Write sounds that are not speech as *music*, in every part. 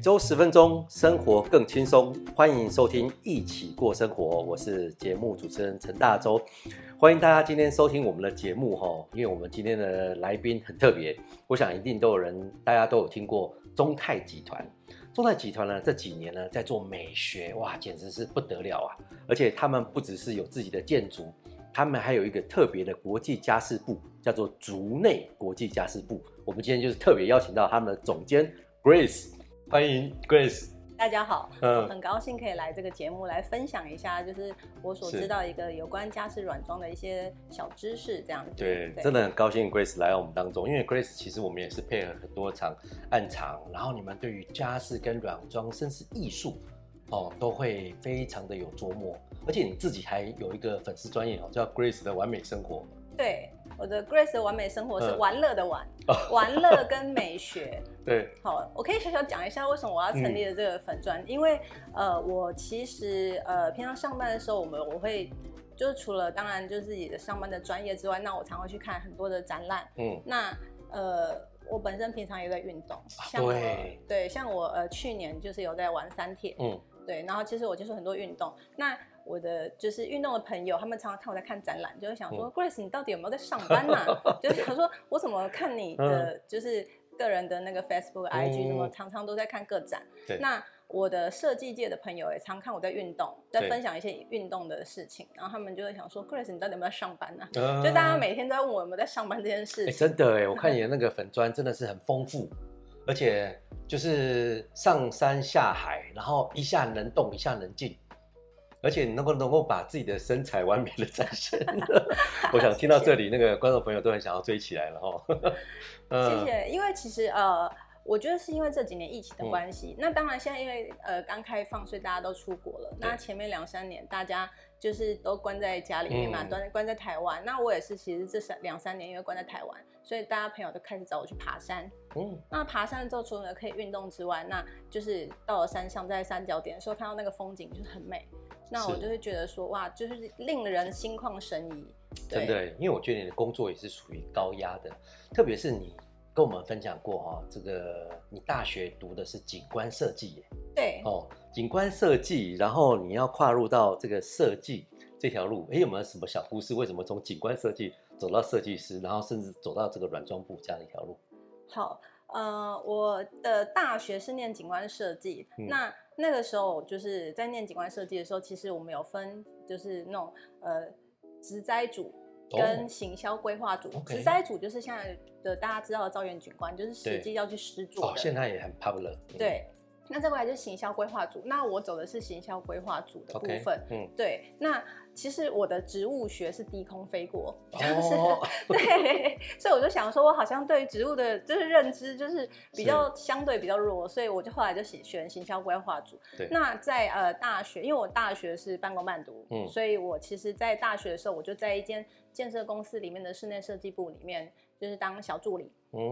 每週十分鐘，生活更輕鬆。歡迎收聽《藝起過生活》，我是節目主持人陳大洲。歡迎大家今天收聽我們的節目，因為我們今天的來賓很特別，我想一定都有人大家都有聽過忠泰集團。忠泰集團呢這幾年呢在做美學哇，簡直是不得了啊！而且他們不只是有自己的建築，他們還有一個特別的國際家飾部，叫做築內國際家飾部。我們今天就是特別邀請到他們的總監 Grace。歡迎 Grace，大家好，嗯，很高興可以來這個節目來分享一下，就是我所知道一個有關家飾軟裝的一些小知識這樣子。對，對真的很高興 Grace 來到我們當中，因為 Grace 其實我們也是配合很多場暗場，然後你們對於家飾跟軟裝，甚至藝術，哦，都會非常的有琢磨，而且你自己還有一個粉絲專頁哦，叫 Grace 的玩美生活，對。我的 Grace 的完美生活，是玩樂的玩，玩樂跟美學。對，好，我可以小小講一下為什麼我要成立了這個粉專，因為呃，我其實呃，平常上班的時候，我們我會就是除了當然就是自己的上班的專業之外，那我常會去看很多的展覽。嗯，那呃，我本身平常也在運動，像我，對，像我呃去年就是有在玩三鐵。嗯，對，然後其實我接觸很多運動，那。我的就是運動的朋友，他們常常看我在看展覽，就會想說：Grace，、嗯、你到底有沒有在上班呢、啊？ *laughs* 就是想說，我怎麼看你的、嗯、就是個人的那個 Facebook、嗯、IG，什麼常常都在看個展、嗯？那我的設計界的朋友也常看我在運動，在分享一些運動的事情，然後他們就會想說：Grace，你到底有沒有在上班呢、啊啊？就大家每天都在問我有沒有在上班這件事情、欸。真的哎，我看你的那個粉專真的是很豐富， *laughs* 而且就是上山下海，然後一下能動，一下能靜。而且你能夠能夠把自己的身材完美的展現、 *laughs* 啊，我想聽到這裡，謝謝那個觀眾朋友都很想要追起來了哦、喔 *laughs* 嗯。謝謝，因為其實呃，我覺得是因為這幾年疫情的關係、嗯，那當然現在因為呃剛開放，所以大家都出國了。嗯、那前面兩三年大家就是都關在家裡面嘛，關關在台灣、嗯。那我也是，其實這三兩三年因為關在台灣，所以大家朋友都開始找我去爬山。嗯、那爬山之後，除了可以運動之外，那就是到了山上，在三角點的時候看到那個風景就是很美。那我就會覺得說，哇，就是令人心曠神怡對。真的，因為我覺得你的工作也是屬於高壓的，特別是你跟我們分享過哦，這個你大學讀的是景觀設計耶。對。哦，景觀設計，然後你要跨入到這個設計這條路，哎、欸，有沒有什麼小故事？為什麼從景觀設計走到設計師，然後甚至走到這個軟裝部這樣一條路？好，呃，我的大學是念景觀設計，嗯，那那個時候就是在念景觀設計的時候，其實我們有分就是那種呃植栽組跟行銷規劃組，植栽組、oh, okay. 就是現在的大家知道的造園景觀，就是實際要去實作，哦，oh, 現在也很 popular，對。那再過來就是行銷規劃組，那我走的是行銷規劃組的部分。Okay, 嗯，對。那其實我的植物學是低空飛過，oh, 就是對，所以我就想說，我好像對植物的就是認知就是比較相對比較弱，所以我就後來就選選行銷規劃組。那在呃大學，因為我大學是半工半讀，嗯，所以我其實，在大學的時候，我就在一間建設公司裡面的室內設計部裡面。就是當小助理，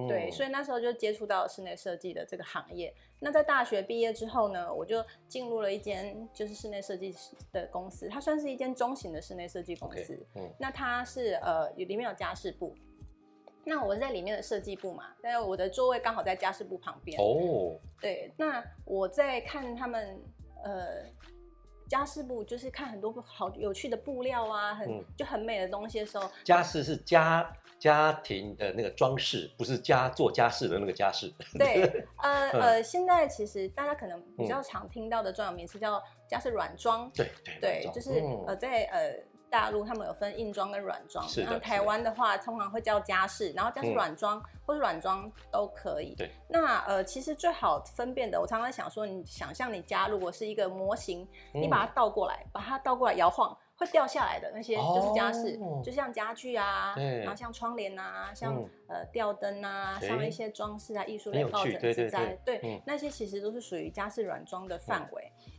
對，嗯、所以那時候就接觸到室內設計的這個行業。那在大學畢業之後呢，我就進入了一間就是室內設計師的公司，它算是一間中型的室內設計公司 okay、嗯。那它是呃裡面有家飾部，那我在裡面的設計部嘛，但是我的座位剛好在家飾部旁邊。哦，對，那我在看他們呃家飾部，就是看很多好有趣的布料啊，很、嗯、就很美的東西的時候，家飾是家。家庭的那個裝飾，不是家做家事的那個家事。 *laughs* 對，呃呃，現在其實大家可能比較常聽到的專有名詞叫家飾軟裝、嗯。對對，對，就是、嗯、呃，在呃大陸他們有分硬裝跟軟裝，像台灣的話通常會叫家飾然後家飾軟裝、嗯、或是軟裝都可以。對。那呃，其實最好分辨的，我常常在想說，你想象你家如果是一個模型、嗯，你把它倒過來，把它倒過來搖晃。會掉下來的那些就是家飾。oh, 就像家具啊，然後像窗簾啊，像、嗯、呃吊燈啊，像一些裝飾啊、藝術類抱枕之災，對，對，對，對、嗯、那些其實都是屬於家飾軟裝的範圍、嗯。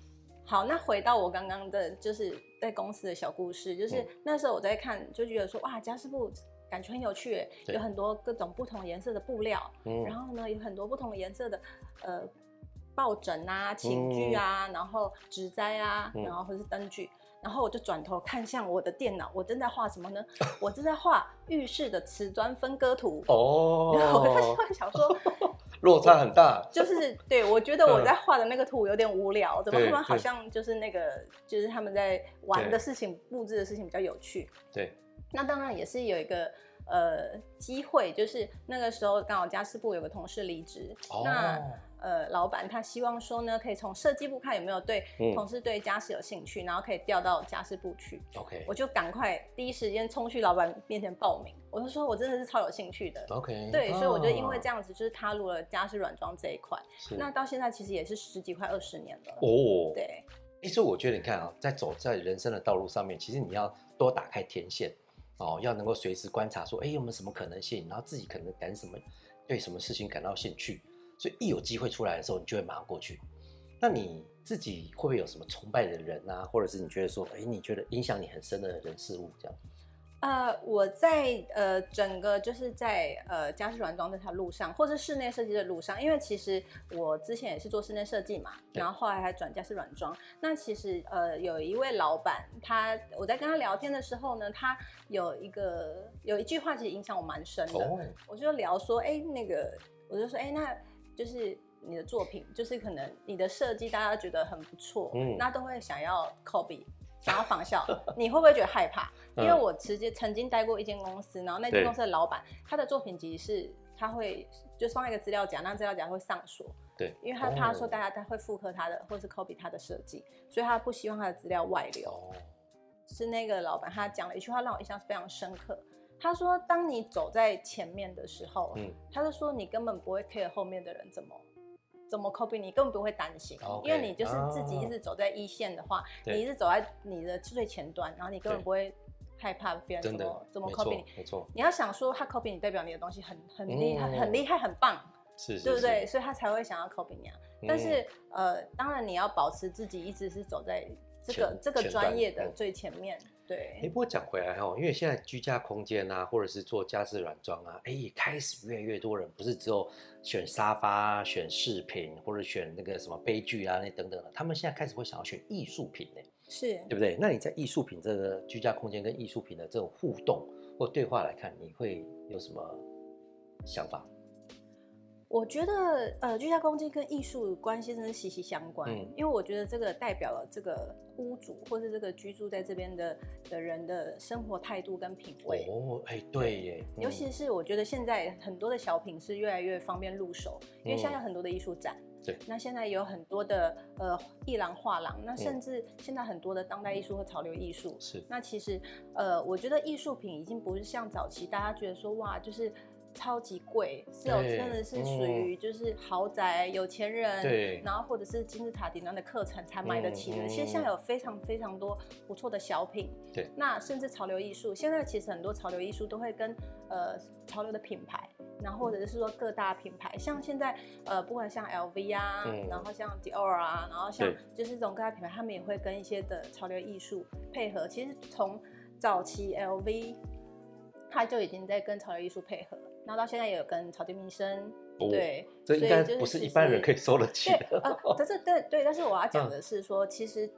好，那回到我剛剛的，就是在公司的小故事，就是那時候我在看，就覺得說、嗯、哇，家飾部感覺很有趣，有很多各種不同顏色的布料，嗯、然後呢有很多不同顏色的呃抱枕啊、寢具啊，嗯、然後植栽啊、嗯，然後或是燈具。然後我就轉頭看向我的電腦，我正在畫什麼呢？我正在畫浴室的瓷磚分割圖。哦，我在想說， *laughs* 落差很大。 *laughs* 就是對，我覺得我在畫的那個圖有點無聊，怎麼他們好像就是那個，就是他們在玩的事情、布置的事情比較有趣。對，那當然也是有一個呃機會，就是那個時候剛好家飾部有個同事離職，哦、那。呃，老闆他希望說呢，可以從設計部看有沒有對同事對家飾有興趣，嗯、然後可以調到家飾部去。OK，我就趕快第一時間衝去老闆面前報名。我是說，我真的是超有興趣的。OK，對，所以我就因為這樣子就是踏入了家飾軟裝這一塊，哦。那到現在其實也是十幾快二十年了。哦，對。所以我覺得你看啊，喔，在走在人生的道路上面，其實你要多打開天線，哦，喔，要能夠隨時觀察說，哎、欸，有沒有什麼可能性，然後自己可能感什麼對什麼事情感到興趣。所以一有機會出來的時候，你就會馬上過去。那你自己會不會有什麼崇拜的人啊，或者是你覺得說，哎、欸，你覺得影響你很深的人事物這樣子？呃，我在呃整個就是在呃家飾軟裝這條路上，或者室內設計的路上，因為其實我之前也是做室內設計嘛，然後後來還轉家飾軟裝。那其實呃有一位老闆，他我在跟他聊天的時候呢，他有一個有一句話其實影響我蠻深的、哦，我就聊說，哎、欸，那個我就說，哎、欸，那。就是你的作品，就是可能你的設計，大家覺得很不錯，嗯，那都會想要 copy，想要仿效， *laughs* 你會不會覺得害怕？嗯、因為我直接曾經待過一間公司，然後那間公司的老闆，他的作品集是他會就放一個資料夾，那資料夾會上鎖，對，因為他怕說大家他會複刻他的，或者是 copy 他的設計，所以他不希望他的資料外流。是那個老闆，他講了一句話讓我印象非常深刻。他說：“當你走在前面的時候，嗯，他就說你根本不會 care 後面的人怎麼怎麼 copy 你，根本不會擔心，Okay，因為你就是自己一直走在一線的話，啊，你一直走在你的最前端，然後你根本不會害怕別人怎麼怎麼 copy 你。沒錯，你要想說他 copy 你代表你的東西很很厲害、嗯、很厲害很棒，是、是、是，對不對？所以他才會想要 copy 你、啊嗯。但是呃，當然你要保持自己一直是走在這個這個專業的最前面。前段”嗯對，哎、欸，不過講回來吼、哦，因為現在居家空間啊，或者是做家飾軟裝啊，哎、欸，開始越來越多人不是只有選沙發、選飾品，或者選那個什麼杯具啊那等等的，他們現在開始會想要選藝術品是對不對？那你在藝術品這個居家空間跟藝術品的這種互動或對話來看，你會有什麼想法？我覺得，呃，居家空間跟藝術關係真是息息相關、嗯，因為我覺得這個代表了這個屋主或是這個居住在這邊的的人的生活態度跟品味。哦，哎、欸，對耶對、嗯。尤其是我覺得現在很多的小品是越來越方便入手，因為現在有很多的藝術展。對、嗯。那現在有很多的呃藝廊畫廊，那甚至現在很多的當代藝術和潮流藝術、嗯。是。那其實，呃，我覺得藝術品已經不是像早期大家覺得說，哇，就是。超級貴，是有真的是屬於就是豪宅、嗯、有錢人對，然後或者是金字塔頂端的課程才買得起的、嗯。其實現在有非常非常多不錯的小品，對，那甚至潮流藝術，現在其實很多潮流藝術都會跟呃潮流的品牌，然後或者是說各大品牌，像現在呃不管像 LV 啊、嗯，然後像 Dior 啊，然後像就是這種各大品牌，他們也會跟一些的潮流藝術配合。其實從早期 LV，他就已經在跟潮流藝術配合。然後到現在也有跟曹德明生，對，哦、這應該所以、就是、不是一般人可以收得起。對，呃、但是對對，但是我要講的是說、嗯，其實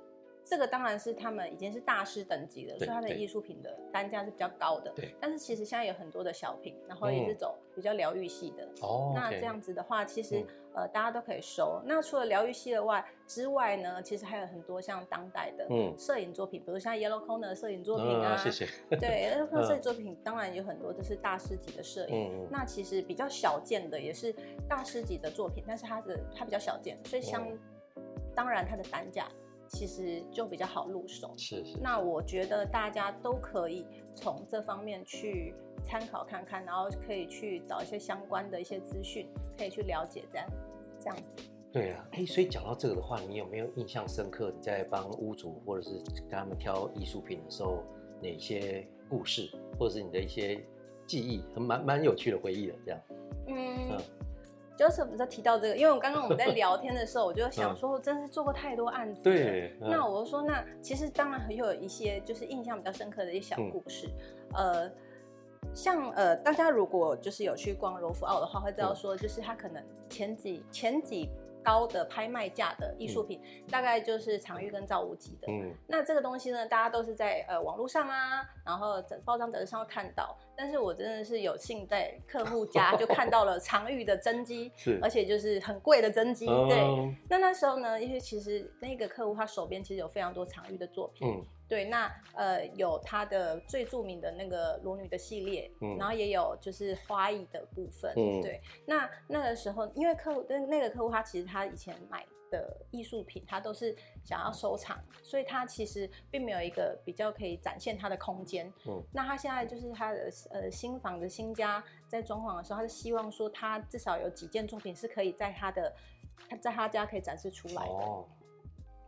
這個當然是他們已經是大師等級了，所以他的藝術品的單價是比較高的。對，但是其實現在有很多的小品，然後也是走。嗯比較療癒系的，oh, okay. 那這樣子的話，其實、嗯、呃，大家都可以收。那除了療癒系的外之外呢，其實還有很多像當代的攝影作品、嗯，比如像 YellowKorner 攝影作品啊，啊，謝謝。對 *laughs* YellowKorner 攝影作品，當然有很多都是大師級的攝影、嗯。那其實比較小件的也是大師級的作品，但是它的它比較小件，所以像、嗯、當然它的單價其實就比較好入手。是是。那我覺得大家都可以從這方面去。參考看看，然後可以去找一些相關的一些資訊，可以去了解這樣，這樣子。對啊，哎、欸，所以講到這個的話，你有沒有印象深刻？你在幫屋主或者是跟他們挑藝術品的時候，哪些故事，或者是你的一些記憶，很蠻蠻有趣的回憶的這樣？嗯，嗯 Joseph、就是在提到這個，因為我剛剛我們在聊天的時候， *laughs* 我就想說、嗯，真是做過太多案子。對、嗯，那我就說，那其實當然很有一些就是印象比較深刻的一些小故事，嗯、呃。像呃，大家如果就是有去逛羅芙奧的話，會知道說，就是他可能前幾前幾高的拍賣價的藝術品、嗯，大概就是常玉跟趙無極的。嗯。那這個東西呢，大家都是在呃網絡上啊，然後在報章雜誌上看到。但是我真的是有幸在客戶家就看到了常玉的真跡，是，而且就是很貴的真跡。對、嗯。那那時候呢，因為其實那個客戶他手邊其實有非常多常玉的作品。嗯對，那呃有他的最著名的那個裸女的系列、嗯，然後也有就是花藝的部分。嗯、對，那那個時候因為客戶，那那個客戶他其實他以前買的藝術品，他都是想要收藏，所以他其實並沒有一個比較可以展現他的空間。嗯，那他現在就是他的呃新房的新家在裝潢的時候，他是希望說他至少有幾件作品是可以在他的，在他家可以展示出來的。哦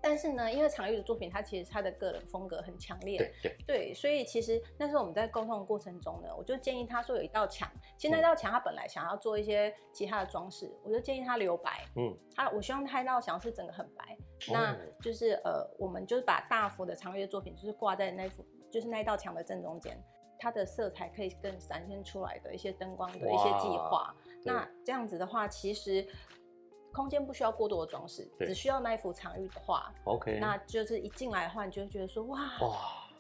但是呢，因為常玉的作品，它其實他的個人風格很強烈，對，對，對，所以其實那時候我們在溝通的過程中呢，我就建議他說有一道牆，其實那道牆他本來想要做一些其他的裝飾，我就建議他留白，嗯，他我希望他那道牆是整個很白，嗯，那就是呃，我們就是把大幅的常玉的作品就是掛在那幅就是那道牆的正中間，它的色彩可以更閃現出來的一些燈光的一些計劃，那這樣子的話，其實。空間不需要過多的裝飾，只需要那一幅藏玉畫。OK，那就是一進來的話，你就會覺得說，哇,哇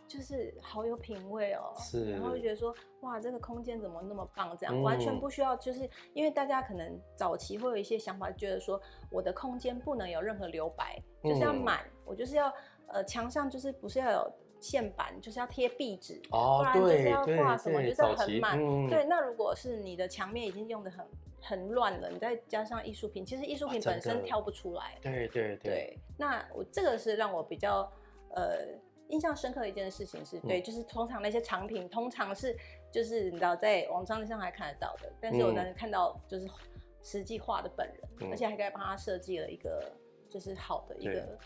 就是好有品味哦、喔。是，然後就覺得說，哇，這個空間怎麼那麼棒？這樣、嗯、完全不需要，就是因為大家可能早期會有一些想法，覺得說我的空間不能有任何留白，嗯、就是要滿，我就是要呃牆上就是不是要有線板，就是要貼壁紙、哦，不然就是要掛什麼，就是要很滿、嗯。對，那如果是你的牆面已經用得很。很亂的，你再加上藝術品，其實藝術品本身挑不出來。對對對，對。那我這個是讓我比較呃印象深刻的一件事情是，是、嗯、對，就是通常那些藏品，通常是就是你知道在網上上還看得到的，但是我能看到就是實際畫的本人，嗯、而且還該幫他設計了一個就是好的一個的。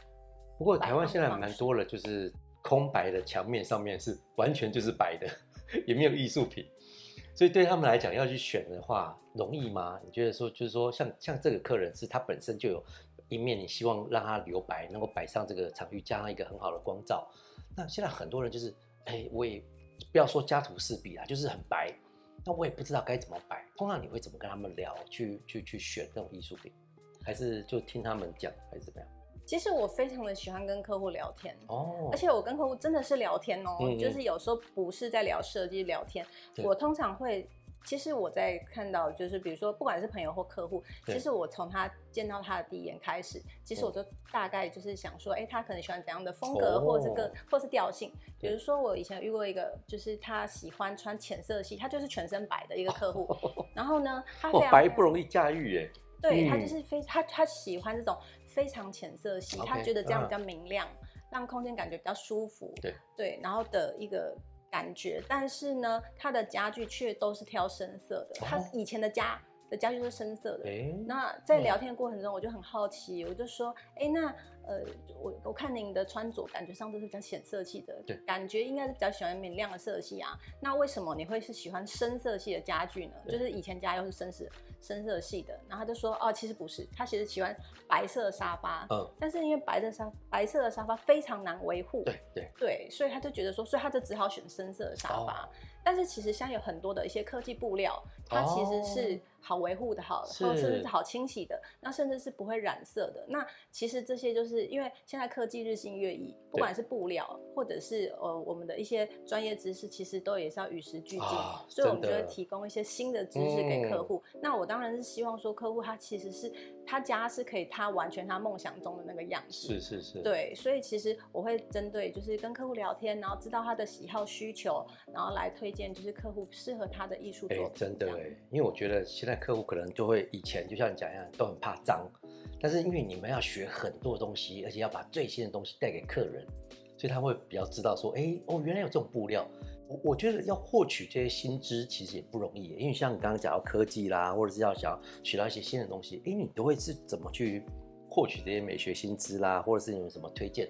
不過台灣現在蠻多了，就是空白的牆面上面是完全就是白的，也沒有藝術品。所以對他們來講，要去選的話容易嗎？你覺得說，就是說像，像像這個客人是，他本身就有一面，你希望讓他留白，能夠擺上這個場域，加上一個很好的光照。那現在很多人就是，哎、欸，我也不要說家徒四壁啊，就是很白，那我也不知道該怎麼擺。通常你會怎麼跟他們聊，去去去選這種藝術品，還是就聽他們講，還是怎麼樣？其實我非常的喜歡跟客戶聊天哦，而且我跟客戶真的是聊天哦嗯嗯，就是有時候不是在聊設計聊天，我通常會，其實我在看到就是比如說不管是朋友或客戶，其實我從他見到他的第一眼開始，其實我就大概就是想說，哎、哦欸，他可能喜歡怎樣的風格、哦、或是個或是調性，比、哦、如、就是、說我以前遇過一個，就是他喜歡穿淺色系，他就是全身白的一個客戶、哦，然後呢，他非常、哦、白不容易駕馭耶，對、嗯、他就是非常他他喜歡這種。非常淺色系，okay, uh, 他覺得這樣比較明亮，讓空間感覺比較舒服。對，對，然後的一個感覺，但是呢，他的家具卻都是挑深色的。Oh. 他以前的家的家具是深色的，欸。那在聊天的過程中，我就很好奇，欸、我就說，哎、欸，那。呃，我我看您的穿着，感覺上都是比較淺色系的，對，感覺應該是比較喜歡明亮的色系啊。那為什麼你會是喜歡深色系的家具呢？就是以前家又是深色深色系的，然後他就說哦，其實不是，他其實喜歡白色的沙發，嗯，嗯，但是因為白色沙白色的沙發非常難維護，對對對，所以他就覺得說，所以他就只好選深色的沙發。哦但是其實現在有很多的一些科技布料，它其實是好維護的，好，Oh, 然後甚至是好清洗的，那甚至是不會染色的。那其實這些就是因為現在科技日新月異，不管是布料或者是呃我們的一些專業知識，其實都也是要與時俱進，Oh, 所以我們就會提供一些新的知識給客戶。嗯。那我當然是希望說客戶他其實是。他家是可以，他完全他夢想中的那個樣子。是是是。對，所以其實我會針對，就是跟客戶聊天，然後知道他的喜好需求，然後來推薦，就是客戶適合他的藝術品。哎，真的哎，因為我覺得現在客戶可能就會以前就像你講一樣，都很怕髒，但是因為你們要學很多東西，而且要把最新的東西帶給客人，所以他會比較知道說，哎、欸，哦，原來有這種布料。我我覺得要獲取這些新知其實也不容易，因為像你剛剛講到科技啦，或者是想要想學到一些新的東西，誒、欸，你都會是怎麼去獲取這些美學新知啦，或者是你有什麼推薦？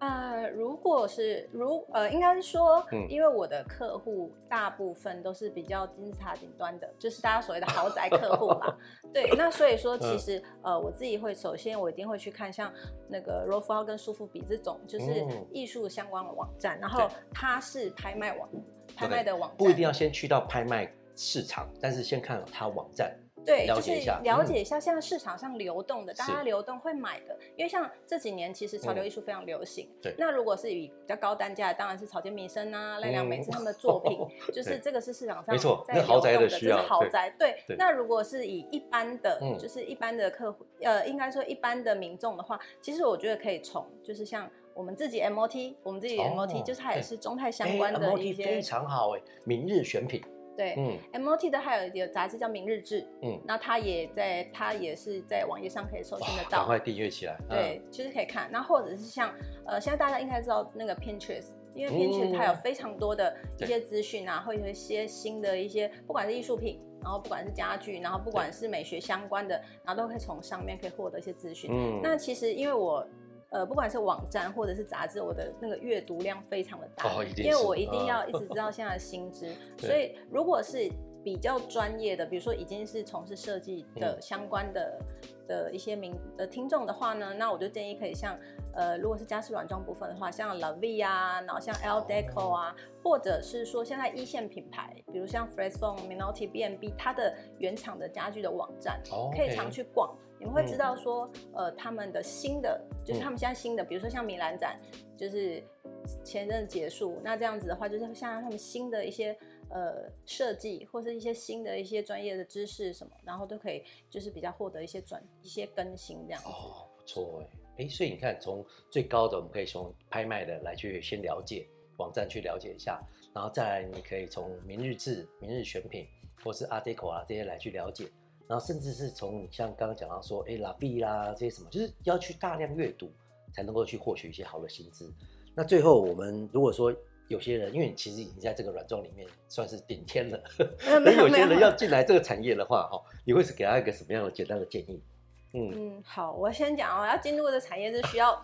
呃，如果是，如呃，應該是說，因為我的客戶大部分都是比較金字塔頂端的，就是大家所謂的豪宅客戶嘛。 *laughs* 對，那所以說，其實呃，我自己會首先我一定會去看像那個羅芙奧跟蘇富比這種，就是藝術相關的網站。嗯、然後它是拍賣網，拍賣的網站。不一定要先去到拍賣市場，但是先看它網站。對，就是了解一下現在市場上流動的，嗯、大家流動會買的，因為像這幾年其實潮流藝術非常流行、嗯。對，那如果是以比較高單價，當然是草間彌生啊、奈良美智，他們的作品呵呵就是這個是市場上在流動的沒錯，那豪宅的需要豪宅對對對對對。對，那如果是以一般的，就是一般的客戶，嗯、呃，應該說一般的民眾的話，其實我覺得可以從就是像我們自己 M O T，我們自己 M O T，就是它也是忠泰相關的一些，欸 MOT、非常好誒，明日選品。對，嗯，MOT 的還有有雜誌叫《明日誌》，嗯，那它也在，它也是在網頁上可以搜尋得到，趕快訂閱起來。對、嗯，其實可以看。那或者是像，呃，現在大家應該知道那個 Pinterest，因為 Pinterest 它有非常多的一些資訊啊，會、嗯、有一些新的一些，不管是藝術品，然後不管是家具，然後不管是美學相關的，然後都可以從上面可以獲得一些資訊、嗯。那其實因為我。呃，不管是網站或者是雜誌，我的那個閱讀量非常的大、oh,，因為我一定要一直知道現在的新知。 *laughs* 所以，如果是比較專業的，比如說已經是從事設計的相關的、嗯、的一些名聽眾的話呢，那我就建議可以像，呃，如果是家飾軟裝部分的話，像 L V 啊，然後像 L Deco 啊，oh, okay. 或者是說現在一線品牌，比如像 Freshon Minotti、B&B，它的原廠的家具的網站，oh, okay. 可以常去逛。你們會知道說、嗯，呃，他們的新的，就是他們現在新的，嗯，比如說像米蘭展，就是前陣子結束，那這樣子的話，就是像他們新的一些呃設計或是一些新的一些專業的知識什麼，然後都可以就是比較獲得一些轉一些更新這樣子哦，不錯哎、欸，所以你看從最高的我們可以從拍賣的來去先了解網站去了解一下，然後再來你可以從明日誌、明日選品或是 article 啊這些來去了解。然後甚至是從你像剛剛講到說，哎、欸，拉 B 啦這些什麼，就是要去大量閱讀才能夠去獲取一些好的新知。那最後我們如果說有些人，因為你其實已經在這個軟裝裡面算是頂天了，那有， *laughs* 有些人要進來這個產業的話，哈，你會是給他一個什麼樣的簡單的建議？嗯，嗯，好，我先講哦。要進入的產業是需要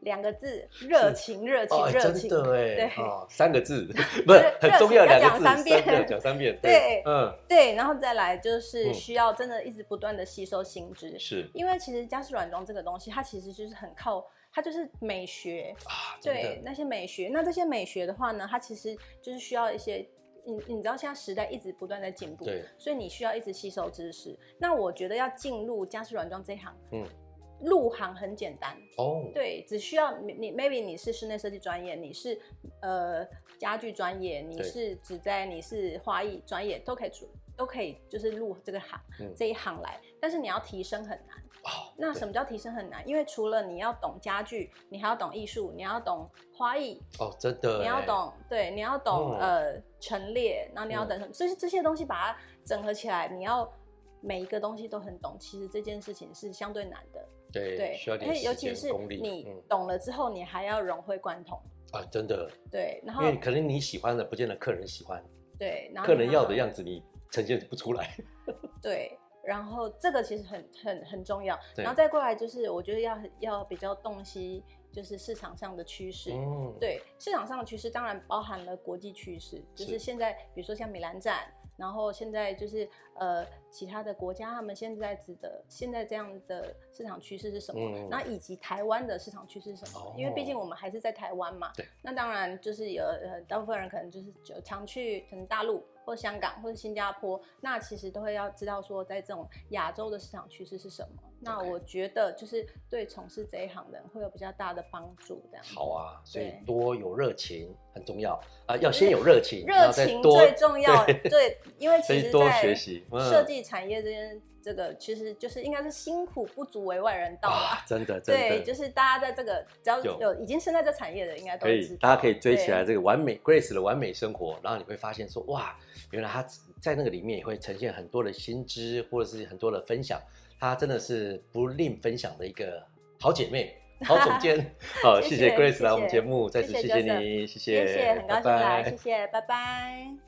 兩個字，熱 *laughs* 情，熱、哦、情，熱情，真的哎，對、哦，三個字， *laughs* 不是熱情很重要，兩個字，講三遍，講三,三遍對，對，嗯，對，然後再來就是需要真的一直不斷的吸收新知，是、嗯、因為其實家飾軟裝這個東西，它其實就是很靠它就是美學，啊、對那些美學，那這些美學的話呢，它其實就是需要一些。你你知道現在時代一直不斷在進步，所以你需要一直吸收知識。那我覺得要進入家飾軟裝這一行，嗯。入行很簡單哦，oh. 對，只需要你，你 maybe 你是室內設計專業，你是呃家具專業，你是只在你是花藝專業都可以出，都可以就是入這個行，嗯、這一行來。但是你要提升很難。Oh, 那什麼叫提升很難？因為除了你要懂家具，你還要懂藝術，你要懂花藝哦，oh, 真的，你要懂對，你要懂、oh. 呃陳列，然後你要等，oh. 所以這些東西把它整合起來，你要每一個東西都很懂，其實這件事情是相對難的。對，需要點功力。尤其是你懂了之後，你還要融會貫通、嗯、啊！真的。對，然後因為可能你喜歡的，不見得客人喜歡。對，然後，客人要的樣子你呈現不出來。對，然後這個其實很很很重要。然後再過來就是，我覺得要要比較洞悉就是市場上的趨勢。嗯，對，市場上的趨勢當然包含了國際趨勢，就是現在比如說像米蘭站。然後現在就是呃，其他的國家他們現在指的現在這樣的市場趨勢是什麼？那、mm -hmm. 以及台灣的市場趨勢是什麼？Oh. 因為畢竟我們還是在台灣嘛。對、oh. 那當然就是有呃，大部分人可能就是就常去可能大陸或是香港或者新加坡，那其實都會要知道說在這種亞洲的市場趨勢是什麼。Okay. 那我覺得就是對，從事這一行的人會有比較大的幫助，這樣。好啊，所以多有熱情很重要啊，呃，要先有熱情，熱情最重要。對，對因為其實在設計這、這個、多學習設計產業之間，這個其實就是應該是辛苦不足為外人道，啊、真的，真的。對，就是大家在這個只要有已經身在這產業的應該都知道，應該可以，大家可以追起來這個玩美 Grace 的玩美生活，然後你會發現說哇，原來他在那個裡面也會呈現很多的新知或者是很多的分享。她真的是不吝分享的一個好姐妹、好總監。 *laughs* 好，謝謝 Grace 謝謝來我們節目謝謝，再次謝謝你，謝謝，謝謝，很高興，謝謝，拜拜。謝謝拜拜，謝謝拜拜。